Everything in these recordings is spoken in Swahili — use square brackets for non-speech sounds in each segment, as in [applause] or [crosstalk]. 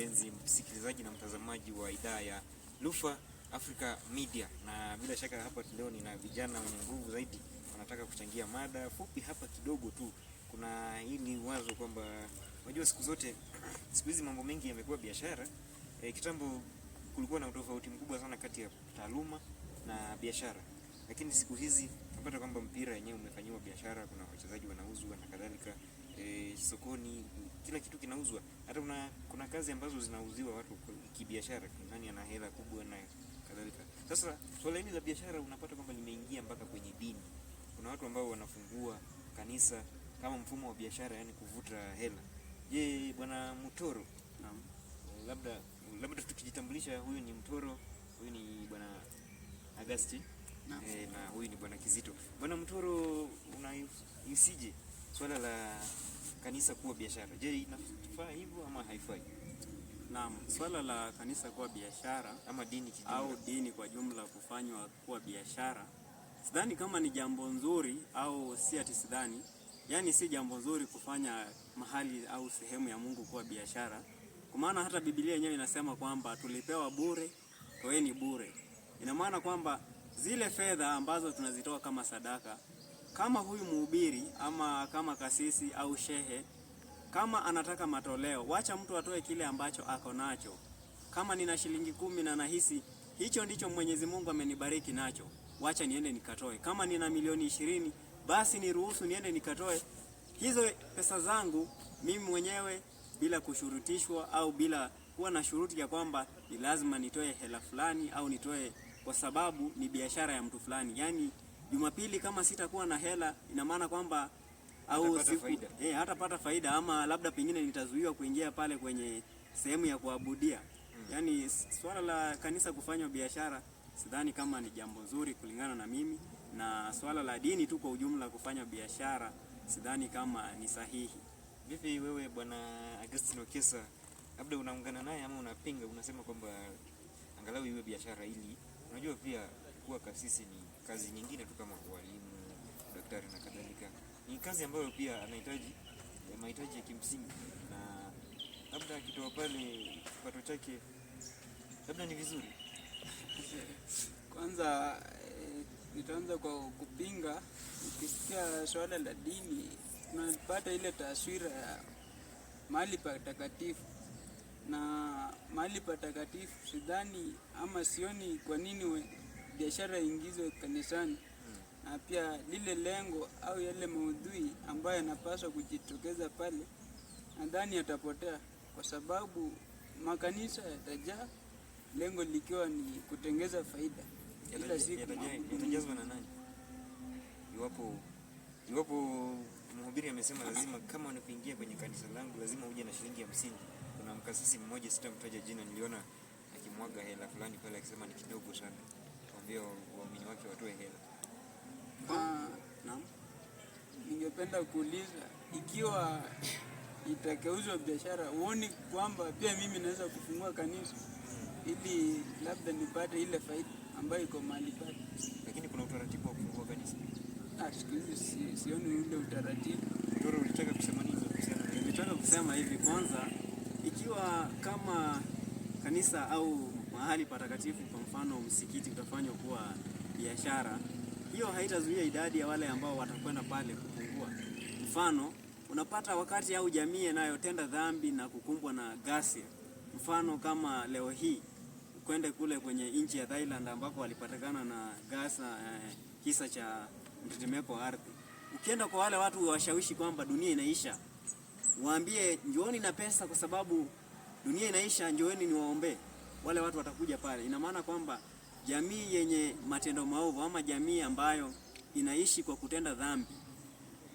mpenzi msikilizaji na mtazamaji wa idhaa ya Lufa Africa Media, na bila shaka hapa leo nina vijana wenye nguvu zaidi, wanataka kuchangia mada fupi hapa kidogo tu. Kuna hili wazo kwamba unajua, siku zote, siku hizi mambo mengi yamekuwa biashara. E, kitambo kulikuwa na utofauti mkubwa sana kati ya taaluma na biashara, lakini siku hizi napata kwamba mpira wenyewe umefanyiwa biashara, kuna wachezaji wanauzwa na kadhalika, e, sokoni kila kitu kinauzwa. Hata kuna, kuna kazi ambazo zinauziwa watu kibiashara, nani ana hela kubwa na kadhalika. Sasa swala hili la biashara unapata kwamba limeingia mpaka kwenye dini. Kuna watu ambao wanafungua kanisa kama mfumo wa biashara, yani kuvuta hela. Je, bwana Mtoro, naam, labda labda tukijitambulisha, huyu ni Mtoro, huyu ni bwana Agasti na, e, eh, na huyu ni bwana Kizito. Bwana Mtoro, unaisije swala la kanisa kuwa biashara. Je, inafaa hivyo ama haifai? Naam, swala la kanisa kuwa biashara ama dini kijumla, au dini kwa jumla kufanywa kuwa biashara, sidhani kama ni jambo nzuri au si ati sidhani, yaani si jambo nzuri kufanya mahali au sehemu ya Mungu kuwa biashara, kwa maana hata Biblia yenyewe inasema kwamba tulipewa bure, toeni bure. Ina maana kwamba zile fedha ambazo tunazitoa kama sadaka kama huyu mhubiri ama kama kasisi au shehe, kama anataka matoleo, wacha mtu atoe kile ambacho ako nacho. Kama nina shilingi kumi na nahisi hicho ndicho Mwenyezi Mungu amenibariki nacho, wacha niende nikatoe. Kama nina milioni ishirini, basi niruhusu niende nikatoe hizo pesa zangu mimi mwenyewe bila kushurutishwa au bila kuwa na shuruti ya kwamba ni lazima nitoe hela fulani au nitoe kwa sababu ni biashara ya mtu fulani. Yaani Jumapili kama sitakuwa na hela, ina maana kwamba au siku eh, hatapata faida ama labda pengine nitazuiwa kuingia pale kwenye sehemu ya kuabudia hmm. Yaani swala la kanisa kufanywa biashara sidhani kama ni jambo zuri kulingana na mimi, na swala la dini tu kwa ujumla kufanya biashara sidhani kama ni sahihi. Vipi wewe bwana Agustino Kesa, labda unaungana naye ama unapinga, unasema kwamba angalau iwe biashara, ili unajua pia kuwa kasisi ni kazi nyingine tu kama walimu daktari na kadhalika. Ni kazi ambayo pia anahitaji mahitaji ya kimsingi, na labda akitoa pale kipato chake labda ni vizuri. [laughs] Kwanza eh, nitaanza kwa kupinga. Ukisikia swala la dini, tunapata ile taswira ya mahali patakatifu na mahali patakatifu, sidhani ama sioni kwa nini biashara iingizwe kanisani na pia lile lengo au yale maudhui ambayo yanapaswa kujitokeza pale, nadhani yatapotea kwa sababu makanisa yatajaa, lengo likiwa ni kutengeza faida kila siku. Yatajazwa na nani? Iwapo iwapo mhubiri amesema lazima, kama unapoingia kwenye kanisa langu lazima uje na shilingi hamsini. Kuna mkasisi mmoja, sitamtaja jina, niliona akimwaga hela fulani pale akisema ni kidogo sana kuambia waumini wake watoe hela. Ah, naam, ningependa kuuliza ikiwa itakauzwa biashara, uoni kwamba pia mimi naweza kufungua kanisa ili labda nipate ile faida ambayo iko mahali pale? Lakini kuna utaratibu wa kufungua kanisa. Ah, si, sioni ule utaratibu. Toro, ulitaka kusema nini? Nilitaka kusema hivi kwanza, ikiwa kama kanisa au mahali patakatifu mfano msikiti utafanywa kuwa biashara, hiyo haitazuia idadi ya wale ambao watakwenda pale kupungua. Mfano unapata wakati au jamii inayotenda dhambi na kukumbwa na ghasia, mfano kama leo hii kwende kule kwenye nchi ya Thailand ambako walipatikana na gasa eh, kisa cha mtetemeko wa ardhi. Ukienda kwa wale watu washawishi kwamba dunia inaisha, waambie njooni na pesa, kwa sababu dunia inaisha, njooni niwaombee wale watu watakuja pale. Ina maana kwamba jamii yenye matendo maovu ama jamii ambayo inaishi kwa kutenda dhambi,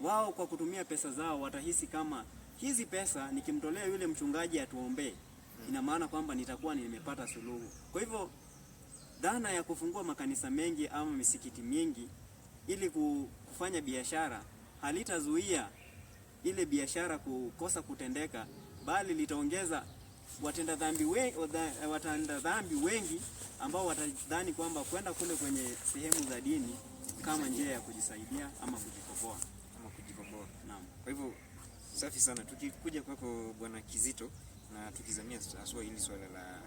wao kwa kutumia pesa zao watahisi kama hizi pesa nikimtolea yule mchungaji atuombee, ina maana kwamba nitakuwa nimepata suluhu. Kwa hivyo dhana ya kufungua makanisa mengi ama misikiti mingi ili kufanya biashara halitazuia ile biashara kukosa kutendeka, bali litaongeza watenda dhambi wengi, watenda dhambi wengi ambao watadhani kwamba kwenda kule kwenye sehemu za dini kama njia ya kujisaidia ama kujikomboa ama kujikomboa. Naam. Kwa hivyo safi sana, tukikuja kwako Bwana Kizito na tukizamia haswa hili swala la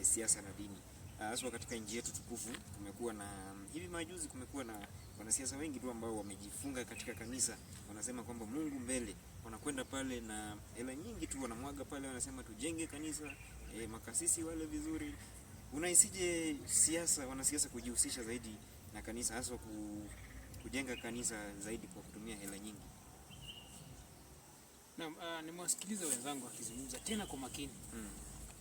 e, siasa na dini ah, haswa katika nchi yetu tukufu, kumekuwa na mm, hivi majuzi, kumekuwa na wanasiasa wengi tu ambao wamejifunga katika kanisa, wanasema kwamba Mungu mbele wanakwenda pale na hela nyingi tu wanamwaga pale, wanasema tujenge kanisa e, makasisi wale vizuri. Unaisije siasa, wanasiasa kujihusisha zaidi na kanisa, hasa kujenga kanisa zaidi kwa kutumia hela nyingi? Naam, uh, nimewasikiliza wenzangu wakizungumza tena kwa makini mm.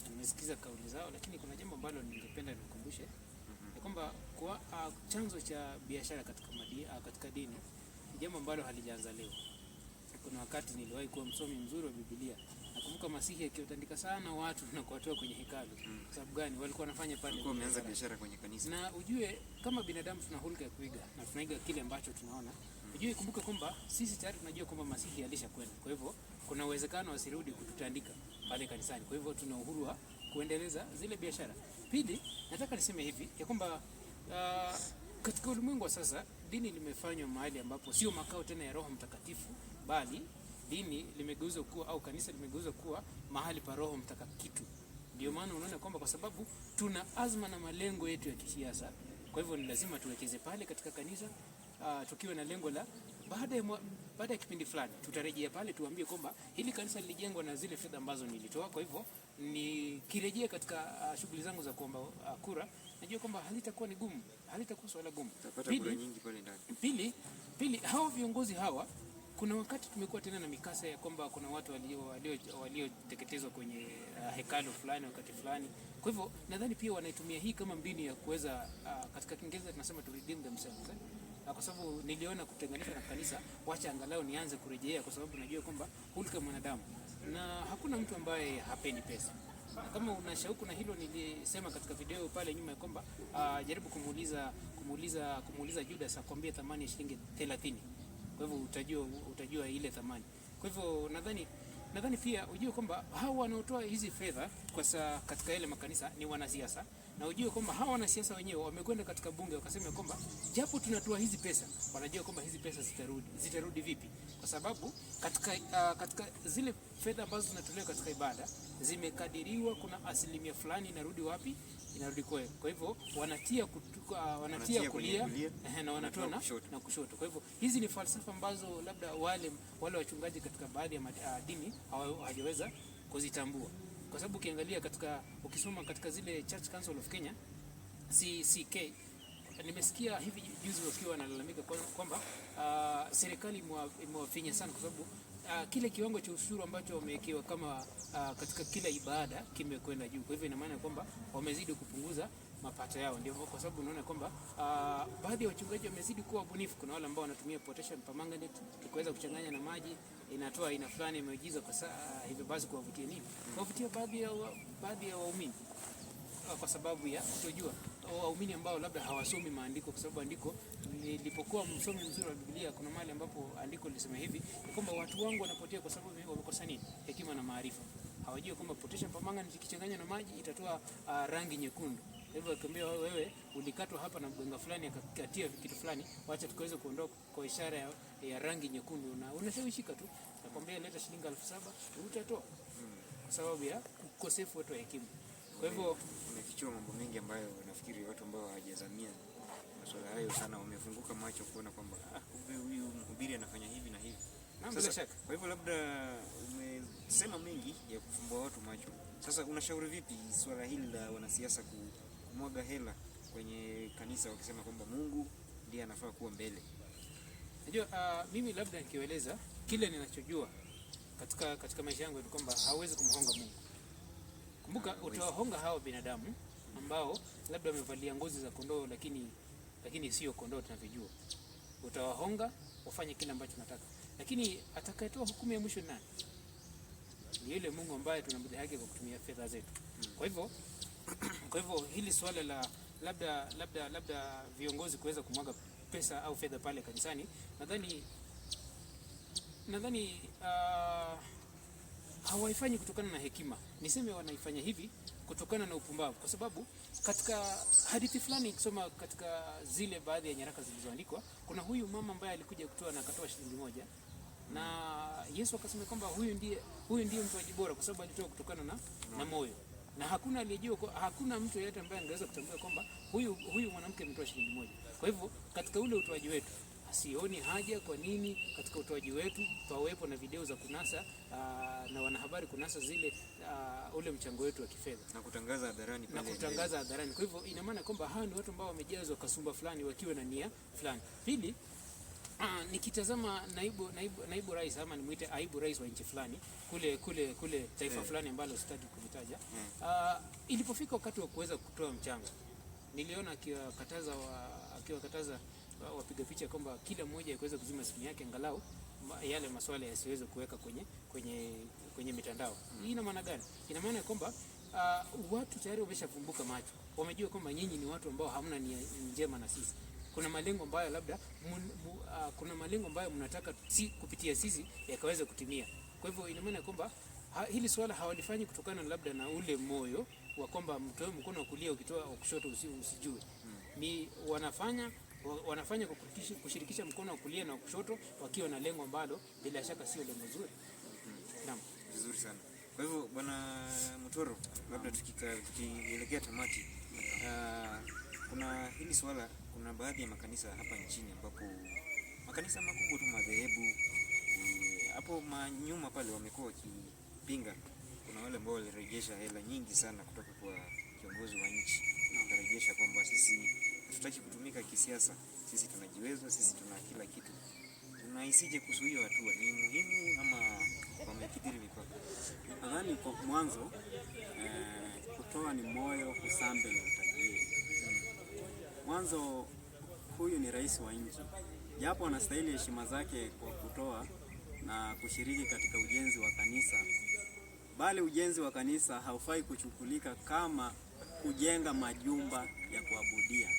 Nimesikiliza kauli zao, lakini kuna jambo ambalo ningependa nikukumbushe mm-hmm. kwamba kwa, uh, chanzo cha biashara katika, uh, katika dini ni jambo ambalo halijaanza leo kuna wakati niliwahi kuwa msomi mzuri wa Biblia. Nakumbuka Masihi akiotandika sana watu na kuwatoa kwenye hekalu. Mm. Sababu gani? Walikuwa wanafanya pale. Walikuwa wameanza biashara kwenye kanisa. Na ujue kama binadamu tuna hulka ya kuiga na tunaiga kile ambacho tunaona. Mm. Ujue kumbuka kwamba sisi tayari tunajua kwamba Masihi alishakwenda. Kwa hivyo kuna uwezekano wasirudi kututandika pale kanisani. Kwa hivyo tuna uhuru wa kuendeleza zile biashara. Pili, nataka niseme hivi ya kwamba uh, katika ulimwengu wa sasa dini limefanywa mahali ambapo sio makao tena ya Roho Mtakatifu bali dini limegeuzwa kuwa au kanisa limegeuzwa kuwa mahali pa Roho Mtakatifu. Ndio maana unaona kwamba kwa sababu tuna azma na malengo yetu ya kisiasa, kwa hivyo ni lazima tuwekeze pale katika kanisa uh, ah, tukiwe na lengo la baada ya baada ya kipindi fulani tutarejea pale tuambie kwamba hili kanisa lilijengwa na zile fedha ambazo nilitoa. Kwa hivyo nikirejea katika uh, shughuli zangu za kuomba uh, kura, najua kwamba halitakuwa ni gumu, halitakuwa swala gumu. Pili, pili, pili, hao viongozi hawa kuna wakati tumekuwa tena na mikasa ya kwamba kuna watu walioteketezwa walio, walio kwenye uh, hekalo fulani wakati fulani. Kwa hivyo nadhani pia wanaitumia hii kama mbinu ya kuweza uh, katika Kiingereza tunasema to redeem themselves eh? Kwa sababu niliona kutenganisha na kanisa, wacha angalau nianze kurejea, kwa sababu najua kwamba hulka mwanadamu na hakuna mtu ambaye hapendi pesa na kama una shauku na hilo, nilisema katika video pale nyuma ya kwamba uh, jaribu kumuuliza kumuuliza kumuuliza Judas akwambie thamani ya shilingi 30. Kwa hivyo utajua, utajua ile thamani. Kwa hivyo nadhani nadhani pia ujue kwamba hao wanaotoa hizi fedha kwa saa katika yale makanisa ni wanasiasa, na ujue kwamba hao wanasiasa wenyewe wamekwenda katika bunge wakasema kwamba japo tunatoa hizi pesa, wanajua kwamba hizi pesa zitarudi, zitarudi vipi? Kwa sababu katika, uh, katika zile fedha ambazo zinatolewa katika ibada zimekadiriwa, kuna asilimia fulani inarudi wapi? inarudi kwao. Kwa hivyo wanatia kutuka, ah, wanatia, kulia, kulia, na wanatoa na, na kushoto. Kwa hivyo hizi ni falsafa ambazo labda wale wale wachungaji katika baadhi ya ah, dini hawajaweza kuzitambua, kwa sababu ukiangalia katika ukisoma katika zile Church Council of Kenya CCK nimesikia hivi juzi wakiwa wanalalamika kwamba uh, serikali imewafinya sana kwa sababu uh, kile kiwango cha ushuru ambacho wamewekewa kama uh, katika kila ibada kimekwenda juu. Kwa hivyo ina maana kwamba wamezidi kupunguza mapato yao, ndio kwa sababu unaona kwamba uh, baadhi ya wachungaji wamezidi kuwa wabunifu. Kuna wale ambao wanatumia potassium permanganate ikiweza kuchanganya na maji inatoa aina fulani imeujizwa kwa saa uh, hivyo basi kuwavutia nini, kuwavutia baadhi ya waumini uh, kwa sababu ya kutojua waumini ambao labda hawasomi maandiko, kwa sababu andiko, nilipokuwa msomi mzuri wa Biblia, kuna mahali ambapo andiko lilisema hivi kwamba watu wangu wanapotea kwa sababu wamekosa nini? Hekima na maarifa. Hawajui kwamba potasha pamanga nikichanganya na maji itatoa uh, rangi nyekundu. Hivyo akiambia wewe ulikatwa hapa na mganga fulani akakatia kitu fulani, wacha tukaweze kuondoa kwa ishara ya, ya rangi nyekundu, na unashawishika tu, nakwambia leta shilingi elfu saba utatoa, kwa sababu ya ukosefu wetu wa hekima. Kwa hivyo umefichua mambo mengi ambayo nafikiri watu ambao hawajazamia masuala hayo sana wamefunguka macho kuona kwamba ah, huyu mhubiri anafanya hivi na hivi. Bila shaka. Kwa hivyo labda umesema mengi ya kufumbua watu macho. Sasa unashauri vipi swala hili la wanasiasa kumwaga hela kwenye kanisa wakisema kwamba Mungu ndiye anafaa kuwa mbele? Najua uh, ah, mimi labda nikiweleza kile ninachojua katika, katika maisha yangu ni kwamba hawezi kumhonga Mungu Kumbuka utawahonga hawa binadamu ambao labda wamevalia ngozi za kondoo, lakini lakini sio kondoo tunavyojua. Utawahonga wafanye kile ambacho nataka, lakini atakayetoa hukumu ya mwisho nani? Ni yule Mungu ambaye tunamdhihaki yake kwa kutumia fedha zetu. Kwa hivyo [clears throat] kwa hivyo hili swala la labda labda labda viongozi kuweza kumwaga pesa au fedha pale kanisani, nadhani nadhani uh, hawaifanyi kutokana na hekima, niseme wanaifanya hivi kutokana na upumbavu, kwa sababu katika hadithi fulani ikisoma katika zile baadhi ya nyaraka zilizoandikwa, kuna huyu mama ambaye alikuja kutoa na akatoa shilingi moja na Yesu akasema kwamba huyu ndiye huyu ndiye mtoaji bora, kwa sababu alitoa kutokana na, na moyo na hakuna aliyejua, hakuna mtu yeyote ambaye angeweza kutambua kwamba huyu huyu mwanamke ametoa shilingi moja. Kwa hivyo katika ule utoaji wetu sioni haja kwa nini katika utoaji wetu pawepo na video za kunasa aa, ah, na wanahabari kunasa zile aa, ah, ule mchango wetu wa kifedha na kutangaza hadharani na kutangaza hadharani. Kwa hivyo ina maana kwamba hawa ni watu ambao wamejazwa kasumba fulani wakiwa na nia fulani. Pili, aa, ah, nikitazama naibu, naibu, naibu rais ama nimuite aibu rais wa nchi fulani kule kule kule taifa yeah, fulani ambalo sitaki kulitaja yeah, hmm. ilipofika wakati wa kuweza kutoa mchango niliona akiwakataza akiwakataza wapiga picha kwamba kila mmoja kuweza kuzima simu yake angalau yale maswala yasiweze kuweka kwenye, kwenye, kwenye mitandao. Hmm. Hii ina maana gani? Ina maana kwamba uh, watu tayari wameshafumbuka macho, wamejua kwamba nyinyi ni watu ambao hamna nia njema na sisi. Kuna malengo ambayo labda mun, mu, uh, kuna malengo ambayo mnataka si, kupitia sisi yakaweza kutimia. Kwa hivyo ina maana kwamba ha, hili swala hawalifanyi kutokana labda na ule moyo wa kwamba mtoe mkono wa kulia ukitoa wa kushoto usijue. mm. Ni wanafanya wanafanya kwa kushirikisha mkono wa kulia na wa kushoto wakiwa na lengo ambalo bila shaka sio lengo zuri. Naam, vizuri sana. Kwa hivyo Bwana Mutoro, labda tukielekea tamati, uh, kuna hili swala, kuna baadhi ya makanisa hapa nchini ambapo makanisa makubwa tu madhehebu eh, hapo manyuma pale wamekuwa wakipinga. Kuna wale ambao walirejesha hela nyingi sana kutoka kwa kiongozi wa nchi, wakarejesha kwamba sisi tutaki kutumika kisiasa. Sisi tunajiweza, sisi tuna kila kitu. Tunaisije kuhusu hiyo hatua, ni muhimu ama wamekidhiri mipaka? Nadhani kwa mwanzo eh, kutoa ni moyo, kusambe ni utajiri. Mwanzo huyu ni rais wa nchi, japo anastahili heshima zake kwa kutoa na kushiriki katika ujenzi wa kanisa, bali ujenzi wa kanisa haufai kuchukulika kama kujenga majumba ya kuabudia.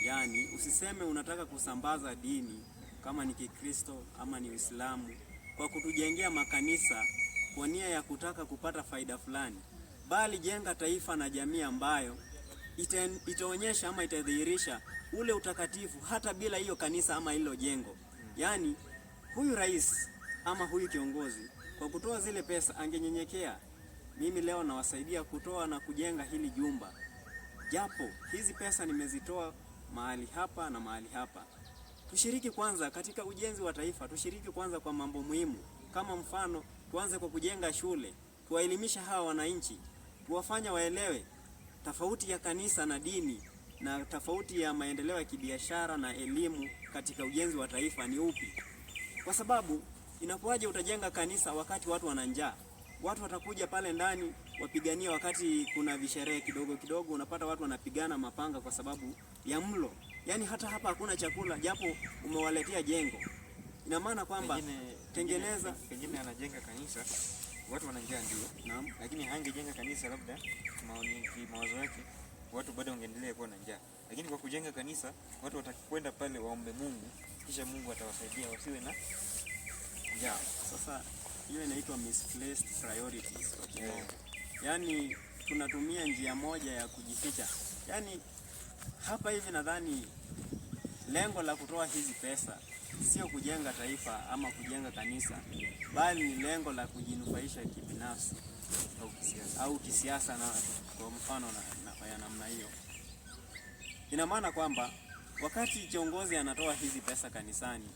Yaani usiseme unataka kusambaza dini kama ni Kikristo ama ni Uislamu kwa kutujengea makanisa kwa nia ya kutaka kupata faida fulani, bali jenga taifa na jamii ambayo itaonyesha ama itadhihirisha ule utakatifu hata bila hiyo kanisa ama hilo jengo. Yaani huyu rais ama huyu kiongozi kwa kutoa zile pesa angenyenyekea, mimi leo nawasaidia kutoa na kujenga hili jumba, japo hizi pesa nimezitoa mahali hapa na mahali hapa. Tushiriki kwanza katika ujenzi wa taifa, tushiriki kwanza kwa mambo muhimu, kama mfano tuanze kwa kujenga shule, tuwaelimisha hawa wananchi, tuwafanya waelewe tofauti ya kanisa na dini na tofauti ya maendeleo ya kibiashara na elimu katika ujenzi wa taifa ni upi, kwa sababu inakuwaje utajenga kanisa wakati watu wana njaa? watu watakuja pale ndani wapigania. Wakati kuna visherehe kidogo kidogo, unapata watu wanapigana mapanga kwa sababu ya mlo. Yani hata hapa hakuna chakula, japo umewaletea jengo. Ina maana kwamba tengeneza, pengine anajenga kanisa watu wanaingia ndio, naam, lakini hangejenga kanisa, labda mawazo yake watu bado wangeendelea kuwa na njaa, lakini kwa kujenga kanisa watu watakwenda pale waombe Mungu, kisha Mungu atawasaidia wasiwe na njaa. Sasa hiyo inaitwa misplaced priorities kwa kimombo. Yaani tunatumia njia moja ya kujificha. Yaani hapa hivi nadhani lengo la kutoa hizi pesa sio kujenga taifa ama kujenga kanisa, bali ni lengo la kujinufaisha kibinafsi au kisiasa, au kisiasa na kwa mfano na, na, ya namna hiyo. Ina maana kwamba wakati kiongozi anatoa hizi pesa kanisani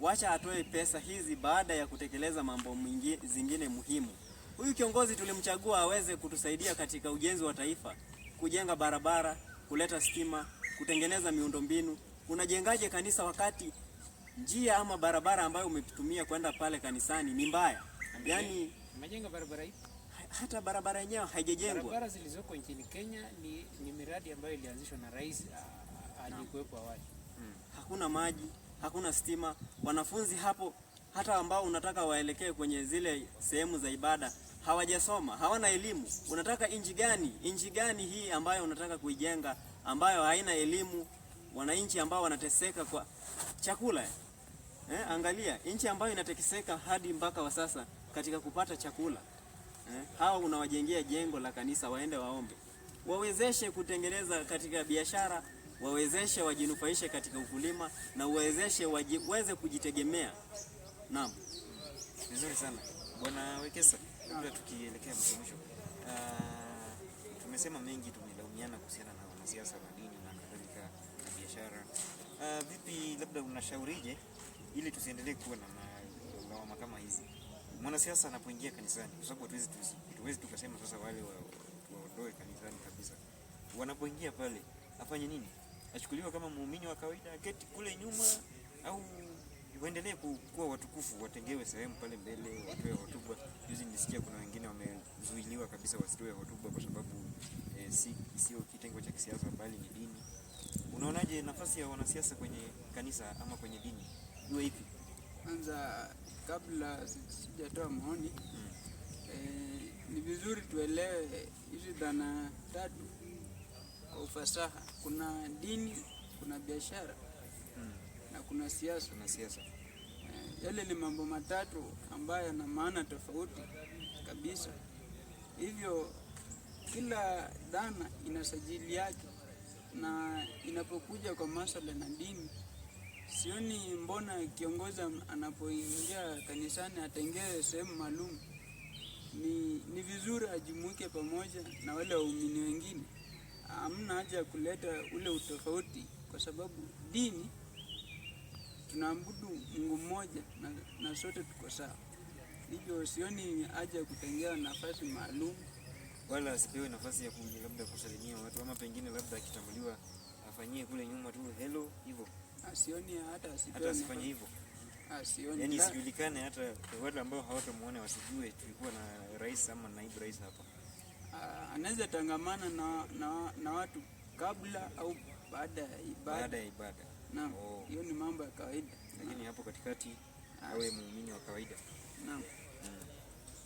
wacha atoe pesa hizi baada ya kutekeleza mambo zingine muhimu. Huyu kiongozi tulimchagua aweze kutusaidia katika ujenzi wa taifa, kujenga barabara, kuleta stima, kutengeneza miundombinu. Unajengaje kanisa wakati njia ama barabara ambayo umetumia kwenda pale kanisani ni mbaya? Yaani umejenga barabara hii hata barabara yenyewe haijajengwa. Barabara zilizoko nchini Kenya ni, ni miradi ambayo ilianzishwa na rais aliyekuwepo awali. Hmm. Hakuna maji, hakuna stima. Wanafunzi hapo hata ambao unataka waelekee kwenye zile sehemu za ibada hawajasoma, hawana elimu. Unataka inji gani? Inji gani hii ambayo unataka kuijenga ambayo haina elimu, wananchi ambao wanateseka kwa chakula eh? Angalia nchi ambayo inatekeseka hadi mpaka wa sasa katika kupata chakula eh? Hawa unawajengea jengo la kanisa waende waombe, wawezeshe kutengeneza katika biashara wawezeshe wajinufaishe katika ukulima na uwezeshe waweze kujitegemea. Naam, vizuri sana Bwana Wekesa, labda tukielekea mwisho, uh, tumesema mengi, tumelaumiana kuhusiana na wanasiasa wa dini na kadhalika na biashara. Uh, vipi, labda unashaurije ili tusiendelee kuwa na lawama kama hizi mwanasiasa anapoingia kanisani, kwa sababu hatuwezi tukasema sasa wale waondoe wa kanisani kabisa. Wanapoingia pale afanye nini? achukuliwa kama muumini wa kawaida, aketi kule nyuma, au waendelee kuwa watukufu, watengewe sehemu pale mbele, watoe hotuba? Juzi nilisikia kuna wengine wamezuiliwa kabisa wasitoe hotuba kwa sababu eh, si sio kitengo cha kisiasa bali ni dini. Unaonaje nafasi ya wanasiasa kwenye kanisa ama kwenye dini iwe ipi? Kwanza, kabla sijatoa maoni hmm. eh, ni vizuri tuelewe hizi dhana tatu ufasaha, kuna dini, kuna biashara hmm. na kuna siasa na siasa. Eh, yale ni mambo matatu ambayo yana maana tofauti kabisa, hivyo kila dhana ina sajili yake, na inapokuja kwa masuala na dini, sioni mbona kiongozi anapoingia kanisani atengee sehemu maalum. Ni, ni vizuri ajumuike pamoja na wale waumini wengine hamna haja ya kuleta ule utofauti, kwa sababu dini tunaabudu Mungu mmoja na, na sote tuko sawa. Hivyo sioni haja ya kutengea nafasi maalum wala asipewe nafasi ya kuja labda kusalimia watu ama pengine labda akitambuliwa afanyie kule nyuma tu hello hivyo. Asioni ah, hata asipewe hata asifanye hivyo. Asioni. Ah, yaani isijulikane hata watu ambao hawatamuona wasijue tulikuwa na rais ama naibu rais hapa. Ah, anaweza tangamana na, na, na watu kabla au baada ya ibada naam. Oh. Hiyo oh, ni mambo ya kawaida, lakini hapo katikati ah. awe muumini wa kawaida naam. Hmm.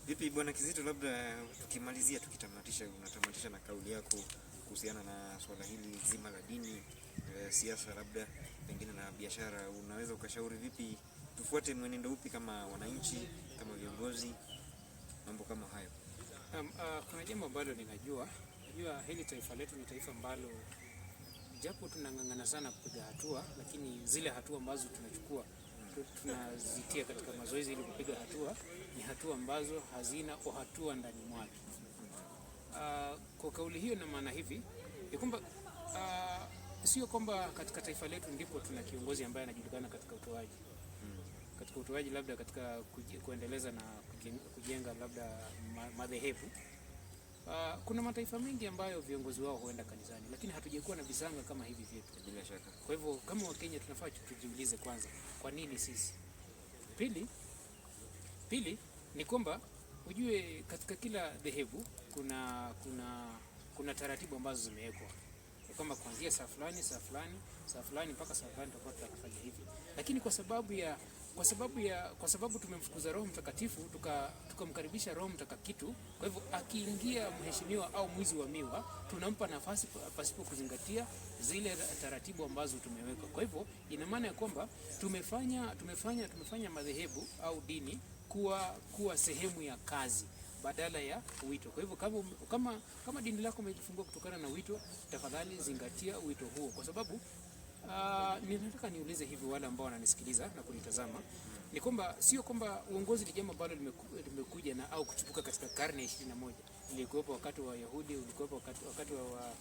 Vipi bwana Kizito, labda tukimalizia, tukitamatisha, unatamatisha na kauli yako kuhusiana na swala hili zima la dini, e, siasa, labda pengine na biashara, unaweza ukashauri vipi, tufuate mwenendo upi kama wananchi, kama viongozi, mambo kama Um, uh, kuna jambo ambalo ninajua, najua hili taifa letu ni taifa ambalo japo tunang'ang'ana sana kupiga hatua, lakini zile hatua ambazo tunachukua tunazitia katika mazoezi ili kupiga hatua ni hatua ambazo hazina uhatua ndani mwake. Uh, kwa kauli hiyo na maana hivi ni kwamba uh, sio kwamba katika taifa letu ndipo tuna kiongozi ambaye anajulikana katika utoaji katika utoaji labda katika kuendeleza na kujenga labda madhehebu. Uh, kuna mataifa mengi ambayo viongozi wao huenda kanisani, lakini hatujakuwa na visanga kama hivi vyetu. Bila shaka. Kwa hivyo kama Wakenya tunafaa tujiulize kwanza, kwa nini sisi? Pili, pili ni kwamba ujue katika kila dhehebu kuna kuna kuna taratibu ambazo zimewekwa kwamba kuanzia saa fulani saa fulani saa fulani mpaka saa fulani tutakuwa tunafanya hivi, lakini kwa sababu ya kwa sababu ya kwa sababu tumemfukuza Roho Mtakatifu tukamkaribisha tuka Roho Mtakakitu. Kwa hivyo akiingia mheshimiwa au mwizi wa miwa, tunampa nafasi pasipo kuzingatia zile taratibu ambazo tumeweka. Kwa hivyo ina maana ya kwamba tumefanya tumefanya tumefanya madhehebu au dini kuwa kuwa sehemu ya kazi badala ya wito. Kwa hivyo kama, kama, kama dini lako umejifungua kutokana na wito, tafadhali zingatia wito huo kwa sababu uh, ninataka niulize hivi wale ambao wananisikiliza na kunitazama ni kwamba sio kwamba uongozi ni jambo ambalo limekuja na au kuchipuka katika karne ya ishirini na moja. Ilikuwepo wakati wa Wayahudi, ulikuwepo wakati, wakati wa, wa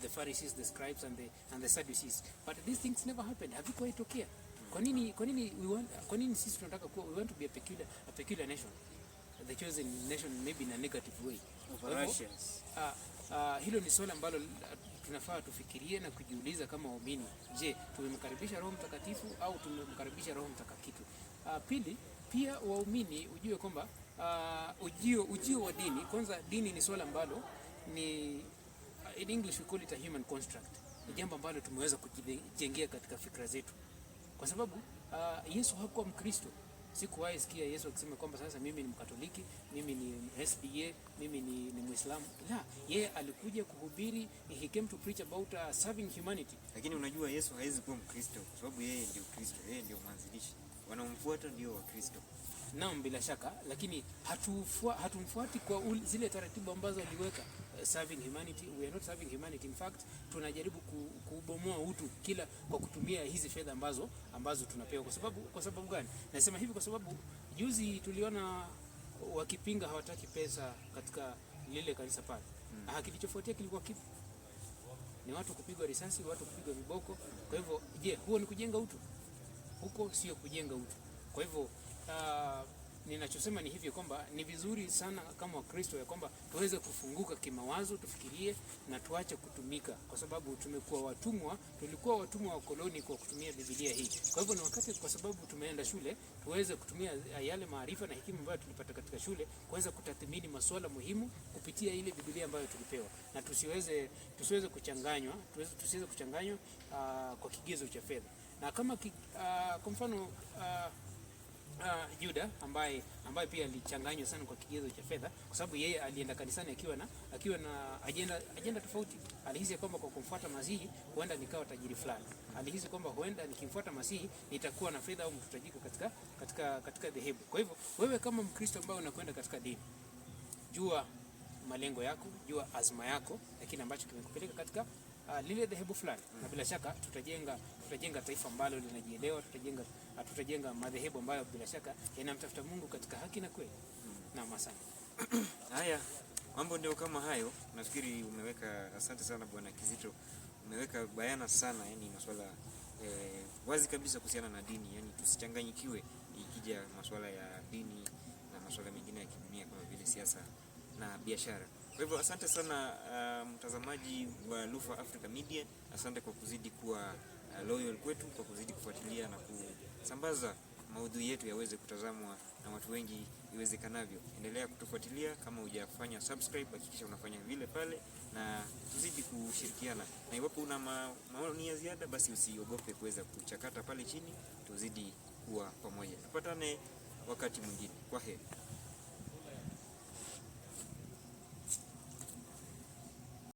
the Pharisees, the scribes and the, and the Sadducees. But these things never happened. Havikuwahi tokea. Kwa nini, kwa nini we want, kwa nini sisi tunataka kuwa we want to be a peculiar, a peculiar nation? The chosen nation maybe in a negative way. Of Russians. Uh, uh, hilo ni swali ambalo tunafaa tufikirie na kujiuliza kama waumini, je, tumemkaribisha Roho Mtakatifu au tumemkaribisha roho mtakatifu? Uh, pili pia waumini ujue kwamba uh, ujio, ujio wa dini kwanza, dini ni swala ambalo ni uh, in English we call it a human construct, ni jambo ambalo tumeweza kujengea katika fikra zetu, kwa sababu uh, Yesu hakuwa Mkristo. Sikuwahi sikia Yesu akisema kwamba sasa mimi ni Mkatoliki, mimi ni SDA, mimi ni, ni Muislamu. La, yeye alikuja kuhubiri, he came to preach about uh, serving humanity. Lakini unajua Yesu hawezi kuwa Mkristo kwa sababu yeye ndio Kristo, yeye ndio mwanzilishi. Wanaomfuata ndio Wakristo. Naam, bila shaka, lakini hatumfuati kwa zile taratibu ambazo aliweka serving humanity. We are not serving humanity. In fact, tunajaribu kubomoa utu kila kwa kutumia hizi fedha ambazo ambazo tunapewa. Kwa sababu kwa sababu gani nasema hivi? Kwa sababu juzi tuliona wakipinga hawataki pesa katika lile kanisa pale. Hmm. Kilichofuatia kilikuwa kipi? Ni watu kupigwa risasi, watu kupigwa viboko. Kwa hivyo, je, huo ni kujenga utu? Huko sio kujenga utu. Kwa hivyo uh, ninachosema ni hivyo kwamba ni vizuri sana kama Wakristo ya kwamba tuweze kufunguka kimawazo, tufikirie na tuache kutumika, kwa sababu tumekuwa watumwa, tulikuwa watumwa wa koloni kwa kutumia Biblia hii. Kwa hivyo ni wakati, kwa sababu tumeenda shule, tuweze kutumia yale maarifa na hekima ambayo tulipata katika shule kuweza kutathmini masuala muhimu kupitia ile Biblia ambayo tulipewa, na tusiweze tusiweze kuchanganywa, tusiweze kuchanganywa uh, kwa kigezo cha fedha na kama uh, kwa mfano uh, juda ambaye, ambaye pia alichanganywa sana kwa kigezo cha fedha, kwa sababu yeye alienda kanisani akiwa na akiwa na ajenda, ajenda tofauti. Alihisi kwamba kwa kumfuata Masihi huenda nikawa tajiri fulani. Alihisi kwamba huenda nikimfuata Masihi nitakuwa na fedha au mtajiko katika katika katika dhehebu. Kwa hivyo wewe kama Mkristo ambaye unakwenda katika dini, jua malengo yako, jua azma yako na ambacho kimekupeleka katika uh, lile dhehebu fulani mm. na bila shaka tutajenga, tutajenga taifa ambalo linajielewa, tutajenga, ah, tutajenga madhehebu ambayo bila shaka yanamtafuta Mungu katika haki na kweli mm. Naam, [clears throat] haya mambo ndio kama hayo. Nafikiri umeweka, asante sana bwana Kizito, umeweka bayana sana, yani masuala eh, wazi kabisa kuhusiana na dini, yani tusichanganyikiwe ikija masuala ya dini na masuala mengine ya kidunia kama vile siasa na biashara. Kwa hivyo asante sana mtazamaji uh, mtazamaji wa Lufa Africa Media, asante kwa kuzidi kuwa uh, loyal kwetu, kwa kuzidi kufuatilia na kusambaza maudhui yetu yaweze kutazamwa na watu wengi iwezekanavyo. Endelea kutufuatilia, kama hujafanya subscribe, hakikisha unafanya vile pale, na tuzidi kushirikiana, na iwapo una maoni ya ziada, basi usiogope kuweza kuchakata pale chini, tuzidi kuwa pamoja. Tupatane wakati mwingine, kwa heri.